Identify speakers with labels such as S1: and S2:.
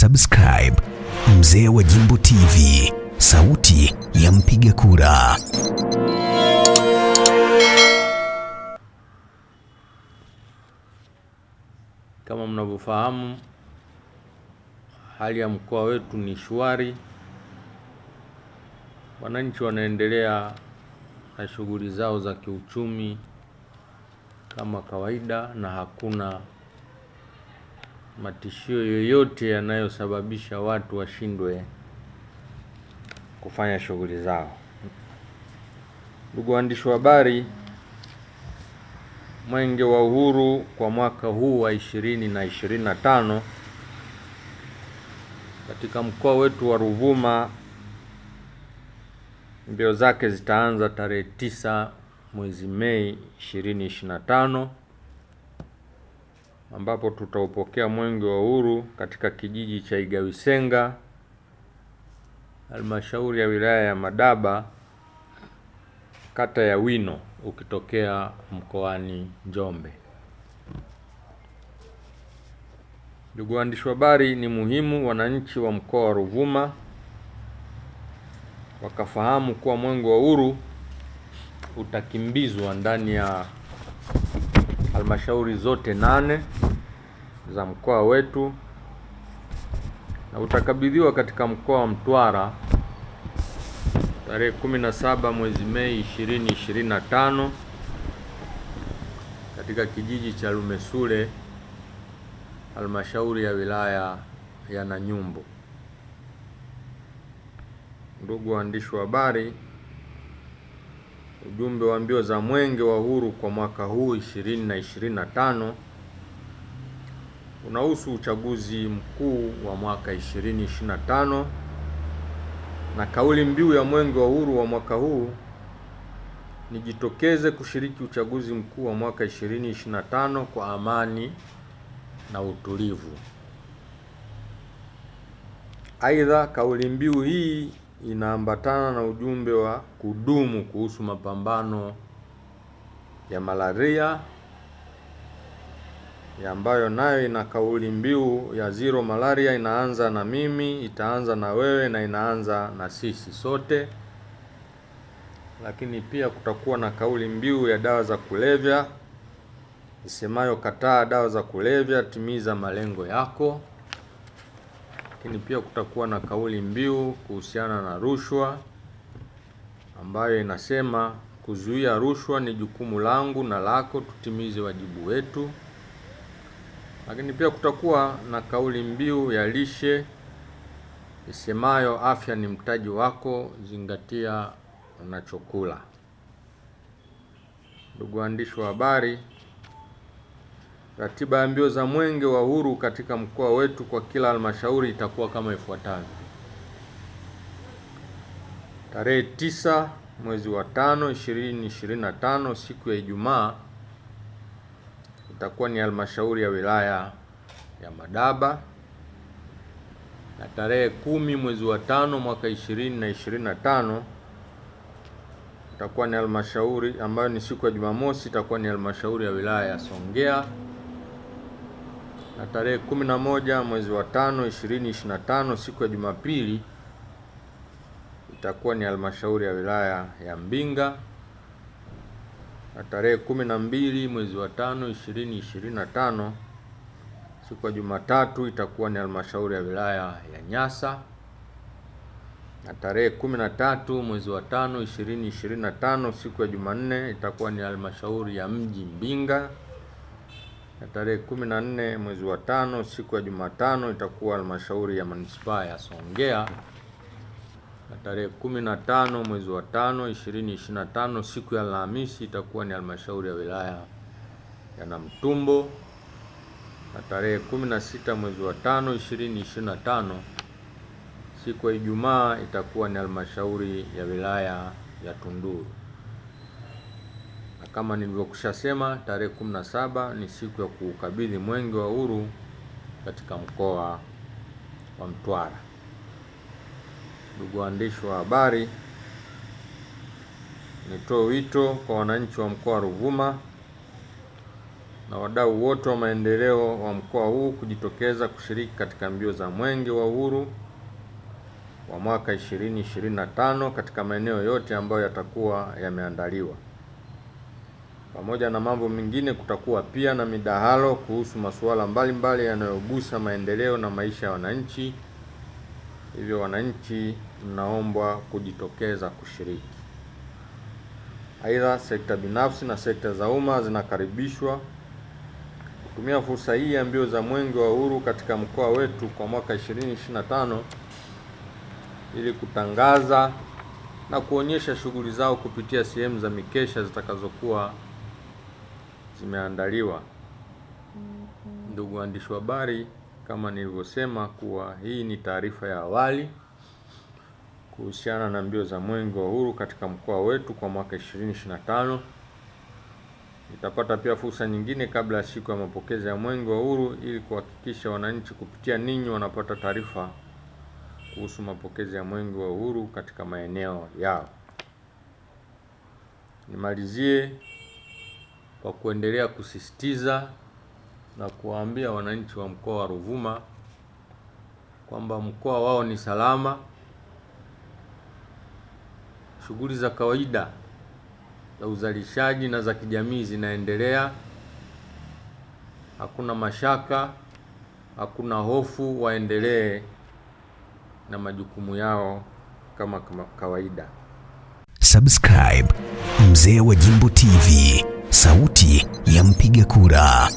S1: subscribe Mzee wa Jimbo TV, sauti ya mpiga kura.
S2: Kama mnavyofahamu, hali ya mkoa wetu ni shwari. Wananchi wanaendelea na shughuli zao za kiuchumi kama kawaida na hakuna matishio yoyote yanayosababisha watu washindwe kufanya shughuli zao. Ndugu waandishi wa habari, Mwenge wa Uhuru kwa mwaka huu wa ishirini na ishirini na tano katika mkoa wetu wa Ruvuma, mbio zake zitaanza tarehe tisa mwezi Mei ishirini ishirini na tano ambapo tutaupokea mwenge wa uhuru katika kijiji cha Igawisenga, halmashauri ya wilaya ya Madaba, kata ya Wino, ukitokea mkoani Njombe. Ndugu waandishi wa habari, ni muhimu wananchi wa mkoa wa Ruvuma wakafahamu kuwa mwenge wa uhuru utakimbizwa ndani ya halmashauri zote nane za mkoa wetu na utakabidhiwa katika mkoa wa Mtwara tarehe 17 mwezi Mei 2025 katika kijiji cha Lumesule halmashauri ya wilaya ya Nanyumbu. Ndugu waandishi wa habari Ujumbe wa mbio za Mwenge wa Uhuru kwa mwaka huu 2025 unahusu uchaguzi mkuu wa mwaka 2025, na kauli mbiu ya Mwenge wa Uhuru wa mwaka huu ni jitokeze kushiriki uchaguzi mkuu wa mwaka 2025 kwa amani na utulivu. Aidha, kauli mbiu hii inaambatana na ujumbe wa kudumu kuhusu mapambano ya malaria ya ambayo nayo ina kauli mbiu ya zero malaria, inaanza na mimi, itaanza na wewe na inaanza na sisi sote. Lakini pia kutakuwa na kauli mbiu ya dawa za kulevya isemayo, kataa dawa za kulevya, timiza malengo yako lakini pia kutakuwa na kauli mbiu kuhusiana na rushwa ambayo inasema kuzuia rushwa ni jukumu langu na lako, tutimize wajibu wetu. Lakini pia kutakuwa na kauli mbiu ya lishe isemayo afya ni mtaji wako, zingatia unachokula. Ndugu waandishi wa habari Ratiba ya mbio za mwenge wa uhuru katika mkoa wetu kwa kila halmashauri itakuwa kama ifuatavyo: tarehe tisa mwezi wa tano ishirini ishirini siku ya Ijumaa itakuwa ni halmashauri ya wilaya ya Madaba, na tarehe kumi mwezi wa tano mwaka ishirini na ishirini na tano itakuwa ni halmashauri ambayo ni siku ya Jumamosi, itakuwa ni halmashauri ya wilaya ya Songea na tarehe 11 mwezi wa 5 2025 siku ya Jumapili itakuwa ni halmashauri ya wilaya ya Mbinga, na tarehe 12 mwezi wa 5 2025 siku ya Jumatatu itakuwa ni halmashauri ya wilaya ya Nyasa, na tarehe 13 mwezi wa 5 2025 siku ya Jumanne itakuwa ni halmashauri ya mji Mbinga na tarehe kumi na nne mwezi wa tano siku ya Jumatano itakuwa halmashauri ya manispaa ya Songea, na tarehe kumi na tano mwezi wa tano ishirini ishirini na tano siku ya Alhamisi itakuwa ni halmashauri ya wilaya ya Namtumbo, na tarehe kumi na sita mwezi wa tano ishirini ishirini na tano siku ya Ijumaa itakuwa ni halmashauri ya wilaya ya Tunduru. Kama sema tarehe 17 ni siku ya kuukabidhi mwenge wa uhuru katika mkoa wa Mtwara. Ndugu waandishi wa habari, nitoe wito kwa wananchi wa mkoa wa Ruvuma na wadau wote wa maendeleo wa mkoa huu kujitokeza kushiriki katika mbio za mwenge wa uhuru wa mwaka 2025 katika maeneo yote ambayo yatakuwa yameandaliwa. Pamoja na mambo mengine, kutakuwa pia na midahalo kuhusu masuala mbalimbali yanayogusa maendeleo na maisha ya wananchi. Hivyo wananchi mnaombwa kujitokeza kushiriki. Aidha, sekta binafsi na sekta za umma zinakaribishwa kutumia fursa hii ya mbio za Mwenge wa Uhuru katika mkoa wetu kwa mwaka 2025 ili kutangaza na kuonyesha shughuli zao kupitia sehemu za mikesha zitakazokuwa zimeandaliwa. Mhm. Ndugu waandishi wa habari, kama nilivyosema kuwa hii ni taarifa ya awali kuhusiana na mbio za Mwenge wa Uhuru katika mkoa wetu kwa mwaka 2025. Itapata pia fursa nyingine kabla ya siku ya mapokezi ya Mwenge wa Uhuru ili kuhakikisha wananchi kupitia ninyi wanapata taarifa kuhusu mapokezi ya Mwenge wa Uhuru katika maeneo yao. Nimalizie kwa kuendelea kusisitiza na kuwaambia wananchi wa mkoa wa Ruvuma kwamba mkoa wao ni salama. Shughuli za kawaida za uzalishaji na za kijamii zinaendelea. Hakuna mashaka, hakuna hofu, waendelee na majukumu yao kama, kama kawaida.
S1: Subscribe Mzee wa Jimbo TV. Sauti sauti ya mpiga kura.